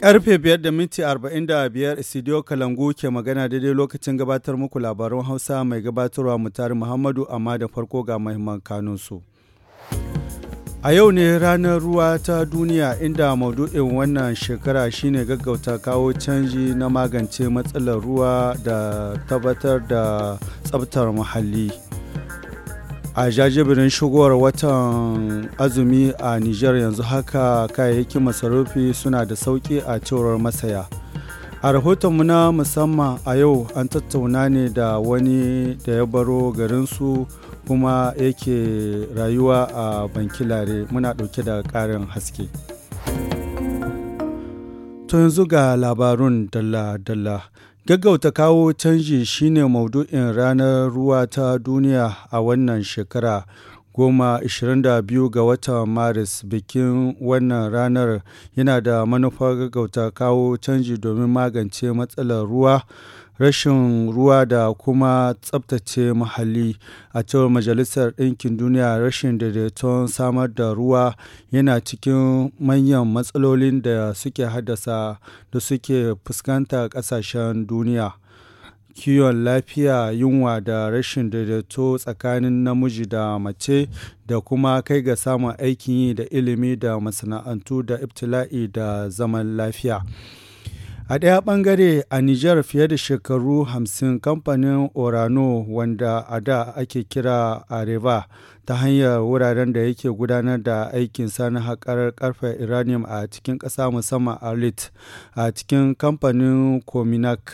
Karfe 5 da minti 45 Isidiyo Kalangu ke magana daidai lokacin gabatar muku labarun Hausa mai gabatarwa mutari Muhammadu amma da farko ga mahimman kanunsu. A yau ne ranar ruwa ta duniya inda maudu'in wannan shekara shine gaggauta kawo canji na magance matsalar ruwa da tabbatar da tsabtar muhalli. a jajibirin shigowar watan azumi a niger yanzu haka kayayyakin masarufi suna da sauki a cewar masaya. A rahotonmu na musamman a yau an tattauna ne da wani da ya baro garinsu kuma yake rayuwa a banki lare muna ɗauke da ƙarin haske. To yanzu ga labarun dalla-dalla. Gaggauta kawo canji shine maudu'in ranar ruwa ta duniya a wannan shekara. goma 22 ga watan maris bikin wannan ranar yana da manufar gaggauta kawo canji domin magance matsalar ruwa rashin ruwa da kuma tsabtace muhalli a cewar majalisar ɗinkin duniya rashin daidaiton samar da ruwa yana cikin manyan matsalolin da suke haddasa da suke fuskanta ƙasashen duniya kiwon lafiya yunwa da rashin daidaito tsakanin namiji da mace da kuma kai ga samun aikin yi da ilimi da masana'antu da ibtila'i da zaman lafiya. A ɗaya ɓangare a Nijar fiye da shekaru hamsin kamfanin Orano wanda a da ake kira Areva ta hanyar wuraren da yake gudanar da aikin sani haƙar ƙarfe uranium a cikin ƙasa musamman Arlit a cikin kamfanin kominak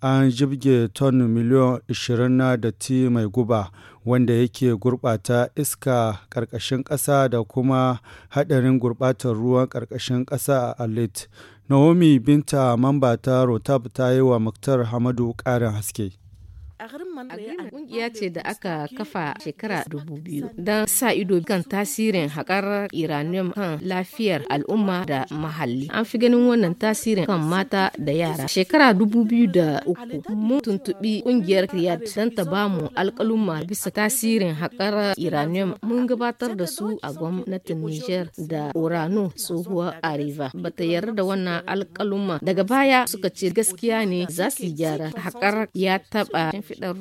an jibge ton miliyan 20 na datti mai guba wanda yake gurɓata iska ƙarƙashin ƙasa da kuma haɗarin gurɓatar ruwan ƙarƙashin ƙasa a Arlit. Naomi Binta mambata Rotab ta yi wa Muktar Hamadu ƙarin haske. ƙungiya ce da aka kafa shekara dubu biyu don sa ido kan tasirin haƙar iranium kan lafiyar al'umma da mahalli. An fi ganin wannan tasirin kan mata da yara. Shekara dubu biyu da uku mun tuntuɓi ƙungiyar Riyadh don ta bamu alƙaluma bisa tasirin haƙar iranium mun gabatar da su a gwamnatin Niger da Orano tsohuwar Areva. Bata yarda da wannan alƙaluma daga baya suka ce gaskiya ne za su gyara haƙar ya taɓa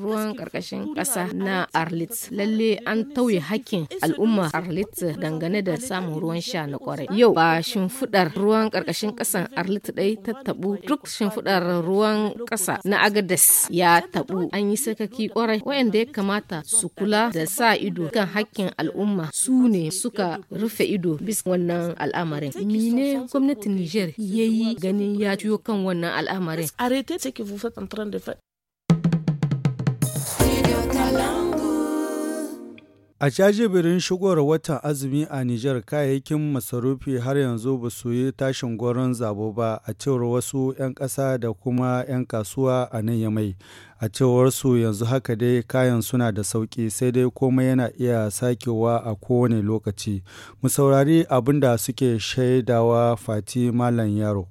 ruwan karkashin kasa na Arlit. Lalle an tauye hakkin al'umma Arlit dangane da samun ruwan sha na kwarai. Yau ba shimfiɗar ruwan karkashin kasan Arlit dai ta tabu. duk shimfiɗar ruwan kasa na Agadas ya tabu. an yi sakaki kwarai waɗanda ya kamata su kula da sa ido kan hakkin al'umma su ne suka rufe ido bisa wannan al'amarin. Mine gwamnatin Niger yayi ganin ya ciyo kan wannan al'amarin. A jajibirin shigowar watan azumi a Nijar kayayyakin masarufi har yanzu ba su yi tashin gwaron zabo ba a cewar wasu 'yan ƙasa da kuma 'yan kasuwa a nan yamai. A cewar su yanzu haka dai kayan suna da sauƙi sai dai komai yana iya sakewa a kowane lokaci. Mu saurari abin da suke shaidawa Fati Malam Yaro.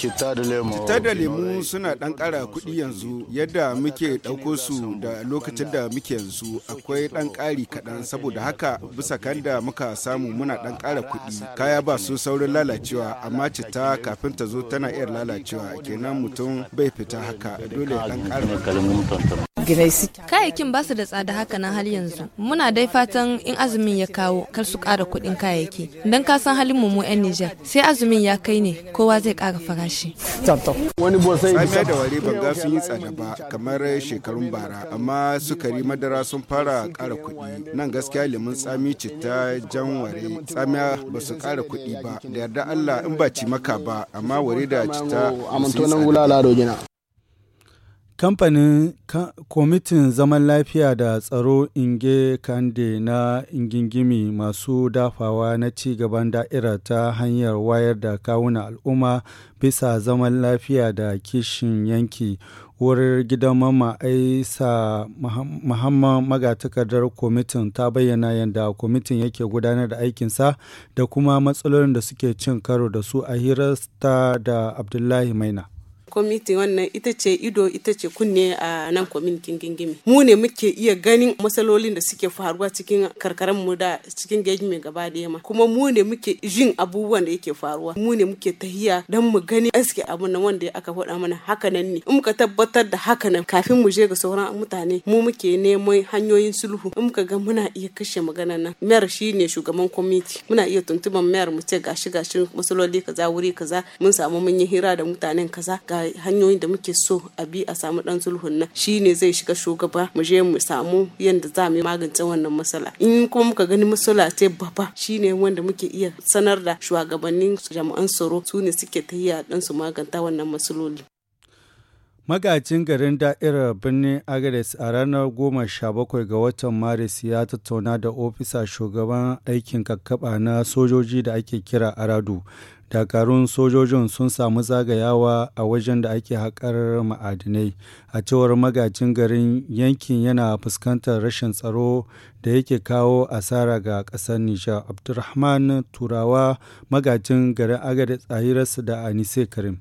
Citta da lemu. suna ɗan ƙara kuɗi yanzu yadda muke ɗauko su da lokacin da muke yanzu akwai ɗan ƙari kaɗan saboda haka bisa kan da muka samu muna ɗan ƙara kuɗi kaya ba su saurin lalacewa amma cita kafin ta zo tana iya lalacewa kenan mutum bai fita haka dole ɗan ƙara Kayayyakin ba su da tsada haka nan har yanzu. Muna dai fatan in azumin ya kawo kar su ƙara kuɗin kayayyaki. idan ka san halin mu mu 'yan Nijar sai azumin ya kai ne kowa zai ƙara farashi. Wani bosai bisa da ware ban ga sun yi tsada ba kamar shekarun bara amma sukari madara sun fara ƙara kuɗi. Nan gaskiya lemun tsami citta jan tsamiya ba su ƙara kuɗi ba da yarda Allah in ba ci maka ba amma ware da citta. Kamfanin Kwamitin Zaman Lafiya da Tsaro Inge Kande na Ingingimi masu dafawa na ci gaban da'ira ta hanyar wayar da kawuna al'umma bisa zaman lafiya da kishin yanki wurin gidan mama aisa muhammad magatakardar kwamitin ta bayyana yadda kwamitin yake gudanar da aikinsa da kuma matsalolin da suke cin karo da su a ta da abdullahi maina kwamitin wannan ita ce ido ita ce kunne a nan kwamitin gingimi mu ne muke iya ganin matsalolin da suke faruwa cikin karkaran mu da cikin gaji mai gaba da yamma kuma mu ne muke jin abubuwan da yake faruwa mu ne muke tahiya dan mu gani aske abun nan wanda aka faɗa mana haka nan ne in muka tabbatar da haka nan kafin mu je ga sauran mutane mu muke neman hanyoyin sulhu in muka ga muna iya kashe magana nan mayar shine shugaban kwamiti muna iya tuntuban mayar mu ce gashi gashi matsaloli kaza wuri kaza mun samu mun yi hira da mutanen kaza ga hanyoyin da muke so a bi a samu dan sulhun nan shine zai shiga shugaba mu je mu samu yadda za mu magance wannan matsala in kuma muka gani matsala ta baba shine wanda muke iya sanar da shugabannin jami'an tsaro su ne suke tahiya dan su maganta wannan matsaloli Magajin garin da'irar birnin Agades a ranar 17 ga watan Maris ya tattauna da ofisa shugaban aikin kakkaba na sojoji da ake kira Aradu dakarun sojojin sun samu zagayawa a wajen da ake haƙar ma'adinai a cewar magajin garin yankin yana fuskantar rashin tsaro da yake kawo asara ga ƙasar nisha abdulrahman turawa magajin garin agadez ahirarsu da anise karim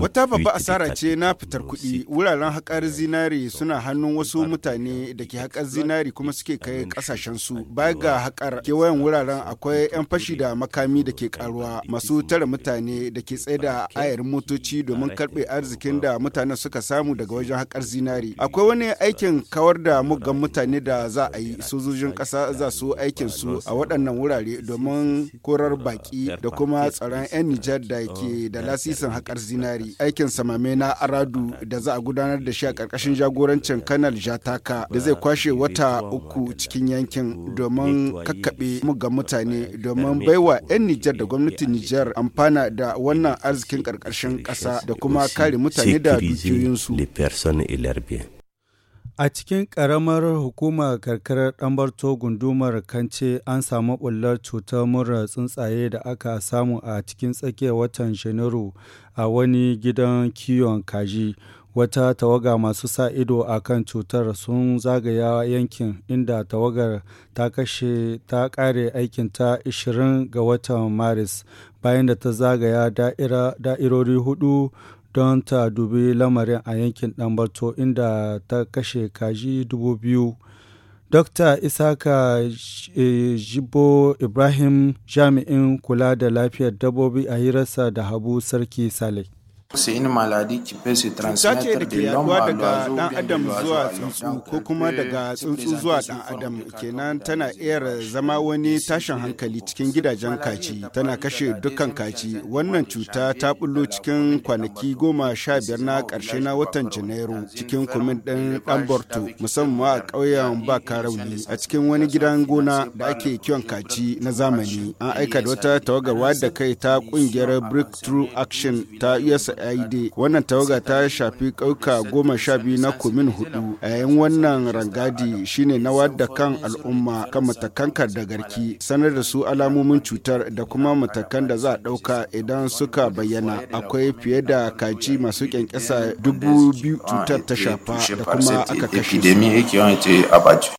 Wata babba asara ce na fitar kuɗi wuraren haƙar zinari suna hannun wasu mutane da ke haƙar zinari kuma suke kai ƙasashensu. Baya ga haƙar kewayen wuraren akwai 'yan fashi da makami da ke karuwa masu tara mutane da ke tsaye da ayarin motoci domin karɓe arzikin da mutanen suka samu daga wajen haƙar zinari. Akwai wani aikin kawar da muggan mutane da za a yi sojojin ƙasa za su aikin su a waɗannan wurare domin korar baƙi da kuma tsaron 'yan Nijar da ke da asisin haƙar zinari aikin samame na aradu da za a gudanar da shi a ƙarƙashin jagorancin kanal jataka da zai kwashe wata uku cikin yankin domin kakkaɓe mugan mutane domin baiwa 'yan Nijar da gwamnatin Nijar amfana da wannan arzikin ƙarƙashin ƙasa da kuma kare mutane da dukiyoyinsu. A cikin ƙaramar hukumar karkarar Ɗanbarto gundumar Kance an samu ɓullar cutar mura tsuntsaye da aka samu a cikin tsakiyar watan Janairu a wani gidan kiwon kaji. Wata tawaga masu sa ido a kan cutar sun zagaya yankin inda tawagar ta kashe ta ƙare aikinta 20 ga watan Maris bayan da ta zagaya da'irori hudu don ta dubi lamarin a yankin Ɗanbarto inda ta kashe kaji dubu biyu. Dokta Isaka eh, Jibo Ibrahim jami'in kula da lafiyar dabbobi a hirarsa da Habu Sarki Saleh. cuta ce da ke yaduwa daga dan adam zuwa tsuntsu ko kuma daga tsuntsu zuwa dan adam kenan tana iya zama wani tashin hankali cikin gidajen kaci tana kashe dukkan kaci wannan cuta ta bullo cikin kwanaki goma sha biyar na karshe na watan janairu cikin kumin din borto musamman a ƙauyen baka rauni a cikin wani gidan gona da ake kiwon kaci na zamani an aika da wata tawagarwa da kai ta ƙungiyar breakthrough action ta usa aide wannan tawaga ta shafi ƙauka goma sha biyu na kumin hudu a yayin wannan rangadi shine na wadda kan al'umma kan matakan garki sanar da su alamomin cutar da kuma matakan da za a ɗauka idan suka bayyana akwai fiye da kaji masu kyankyasa dubu biyu cutar ta shafa da kuma aka kashe su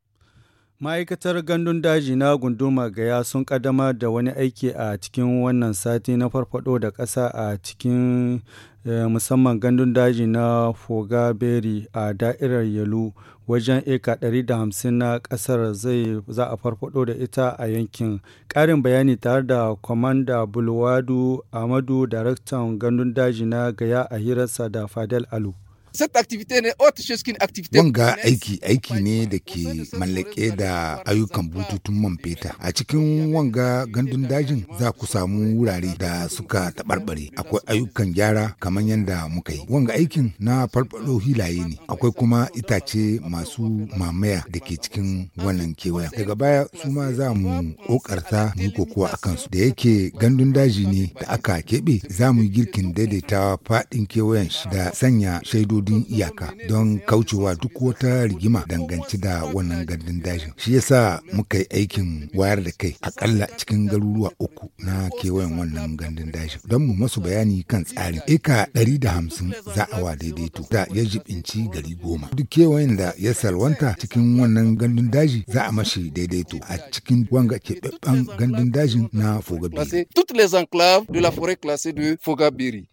Ma'aikatar gandun daji na gunduma gaya sun ƙaddamar da wani aiki a cikin wannan sati na farfado da ƙasa a cikin eh, musamman gandun daji na Fogaberi a da'irar Yalu wajen eka 150 na ƙasar zai za a farfado da ita a yankin. Ƙarin bayani tare da Kwamanda Bulwadu Amadu Daraktan gandun daji na gaya a hirarsa da Fadel Alu. Cette activité ne autre chose qu'une activité. Wanga aiki aiki ne da ke mallake da ayyukan bututun man feta. A cikin wanga gandun dajin za ku samu wurare da suka taɓarɓare. Akwai ayyukan gyara kamar yadda muka yi. Wanga aikin na farfaɗo hilaye ne. Akwai kuma itace masu mamaya da ke cikin wannan kewaya. Daga baya su ma za mu ƙoƙarta mu ko kokowa a kansu. Da yake gandun daji ne da aka keɓe za mu yi girkin daidaita faɗin kewayen shi da sanya shaidu kudin iyaka don kaucewa duk wata rigima dangance da wannan gandun dajin shi yasa muka yi aikin wayar da kai akalla cikin garuruwa uku na kewayen wannan gandun dajin don mu masu bayani kan tsarin eka hamsin za a wa daidaito da ya jibinci gari goma duk kewayen da ya salwanta cikin wannan gandun daji za a mashi daidaito a cikin wanga keɓaɓɓen gandun dajin na fogabiri. Toutes les de la forêt Fogabiri.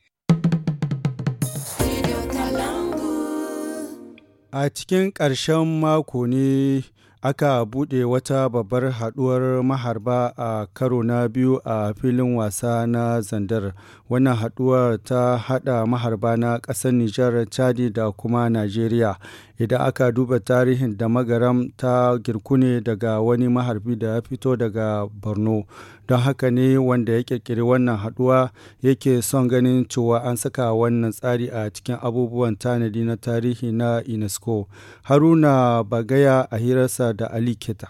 A cikin ƙarshen mako ne aka buɗe wata babbar haɗuwar maharba a karo na biyu a filin wasa na Zandar. wannan haɗuwar ta haɗa maharba na ƙasar nijar chadi da kuma najeriya idan aka duba tarihin da magaram ta girku daga wani maharbi da ya fito daga borno don haka ne wanda ya ƙirƙiri wannan haɗuwa yake son ganin cewa an saka wannan tsari a cikin abubuwan tanadi na tarihi na unesco haruna bagaya a hirarsa da ali keta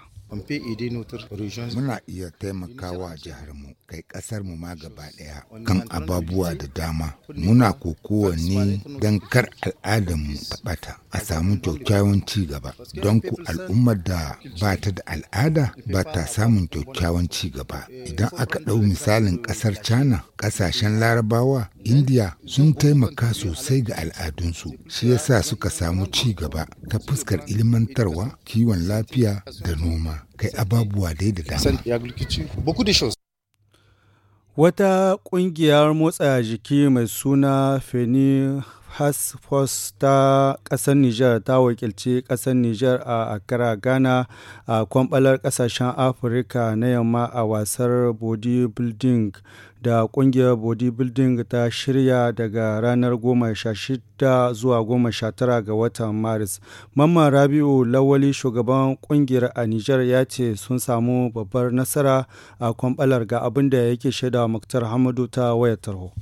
Muna iya taimakawa mu kai ƙasarmu ma gaba ɗaya kan ababuwa da dama. Muna kokowanne don kar al'adarmu ta ɓata a samu kyakkyawan ci gaba. Don ku al'ummar da ba ta da al'ada ba ta samun kyakkyawan ci gaba. Eh, Idan aka ɗau misalin ƙasar China, ƙasashen Larabawa, Indiya sun taimaka sosai ga al'adunsu. Shi yasa suka samu ci gaba ta fuskar ilmantarwa, kiwon lafiya da noma. kai ababuwa dai da dama wata ƙungiyar motsa jiki mai suna feni Hasfos ta ƙasar Nijar ta wakilci ƙasar Nijar a Accra, Ghana a kwamɓalar ƙasashen Afirka na yamma a wasar bodybuilding da ƙungiyar bodybuilding ta shirya daga ranar 16 zuwa 19 ga watan maris mamman rabiu lawali shugaban kungiyar a niger ya ce sun samu babbar nasara a kwamɓalar ga abinda yake shaida muktar hamadu ta wayar tarho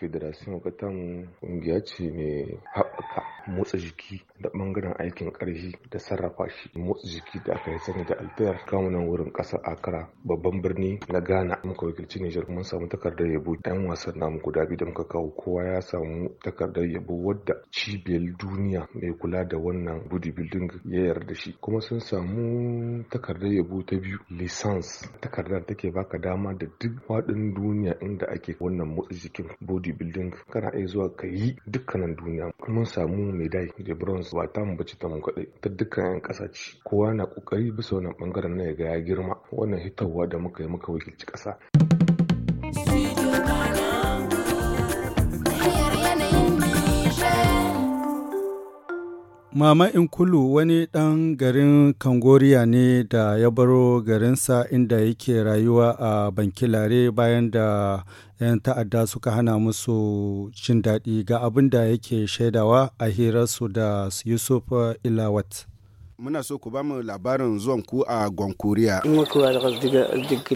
federation katan ƙungiya ce mai haɓaka motsa jiki da bangaren aikin karfi da sarrafa shi motsa jiki da aka yi sani da alfiyar kamunan wurin kasar akara babban birni na ghana muka wakilci nijar mun samu takardar yabo yan wasan namu guda biyu da muka kawo kowa ya samu takardar yabo wadda cibiyar duniya mai kula da wannan bodybuilding ya yarda shi kuma sun samu takardar yabo ta biyu lisans takardar take baka dama da duk faɗin duniya inda ake wannan motsa jikin bodybuilding kana iya zuwa ka yi dukkanin duniya mun samu medai da bronze ba tamu bace ta mun kaɗai ta dukkan 'yan ƙasa ce kowa na ƙoƙari bisa wannan ɓangaren na yaga ya girma wannan hitarwa da muka yi muka wakilci ƙasa. Mama Inkulu wani ɗan garin Kangoriya ne da ya baro garinsa inda yake rayuwa a Bankilare bayan da 'yan ta'adda suka hana musu jin daɗi ga abin da yake shaidawa a hirarsu da Yusuf Ilawat. muna so ku ba mu labarin zuwan ku a Gonkuriya.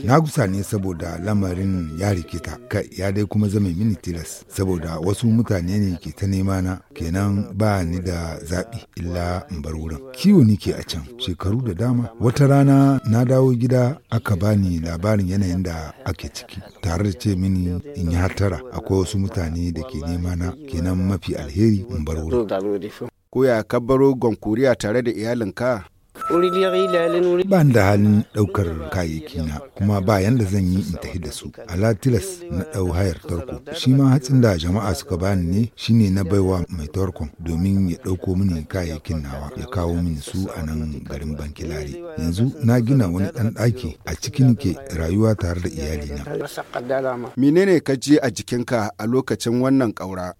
Na gusa ne saboda lamarin ya rikita, kai ya dai kuma zama mini tilas, saboda wasu mutane ne ke ta nema na kenan ba ni da zaɓi illa in bar wurin. Kiwo ni ke a can shekaru da dama. Wata rana na dawo gida aka bani labarin yanayin da ake ciki, tare da ce mini in yi hatara akwai wasu mutane da ke nema na kenan mafi alheri in bar wurin. koya ka baro Gonkuriya tare da iyalinka? Ban da halin ɗaukar kayayyaki na kuma ba yanda zan yi in tafi da su. Ala tilas na ɗau hayar tarko. Shi ma hatsin da jama'a suka bani ne shine na baiwa mai tarkon domin ya ɗauko mini kayayyakin nawa ya kawo mini su a nan garin Bankilari. Yanzu na gina wani ɗan ɗaki a cikin ke rayuwa tare da iyalina. Menene ka je a jikinka a lokacin wannan ƙaura?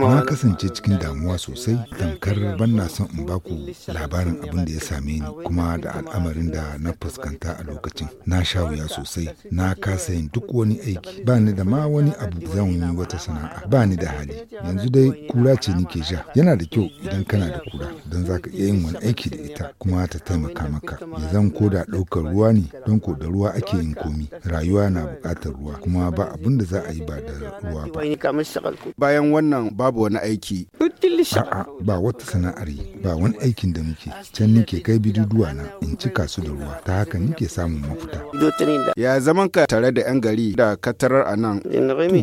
Na kasance cikin damuwa sosai tamkar ban na son in ba ku. labarin abin da ya same ni kuma da al'amarin da na fuskanta a lokacin. Na sha wuya sosai, na kasa yin duk wani aiki, ba ni da ma wani abu zan yi wata sana'a, ba ni da hali. Yanzu dai kura ce nike sha. Yana da kyau idan kana da kura don za ka iya yin wani aiki da ita kuma ta taimaka maka. Ya zan ko da ɗaukar ruwa ne don ko da ruwa ake yin komi. Rayuwa na buƙatar ruwa kuma ba abin da za a yi ba da ruwa ba. bayan wannan babu wani aiki. A'a ba wata sana'ar yi ba wani aikin da muke can nike kai bididuwa na in cika su da ruwa ta haka nike samun mafita. Ya zaman ka tare da 'yan gari da katarar a nan.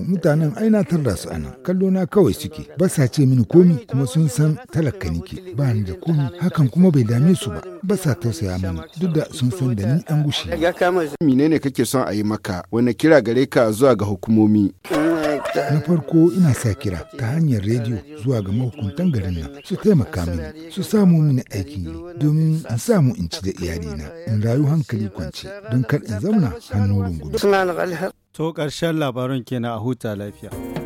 Mutanen aina na tarda su a kallo na kawai suke ba sa ce mini komi kuma sun san talaka nike ba ni da komi hakan kuma bai dame su ba ba sa tausaya mini duk da sun san da ni an gushe. Menene kake son a yi maka wani kira gare ka zuwa ga hukumomi? Na farko ina sa kira ta hanyar rediyo zuwa ga mahukuntan garin nan su taimaka mini su samu mini aikin yi domin in samu in ci da iyalina in rayu hankali kwanci don kar in zauna hannu rungume. To ƙarshen labarin kenan a huta lafiya.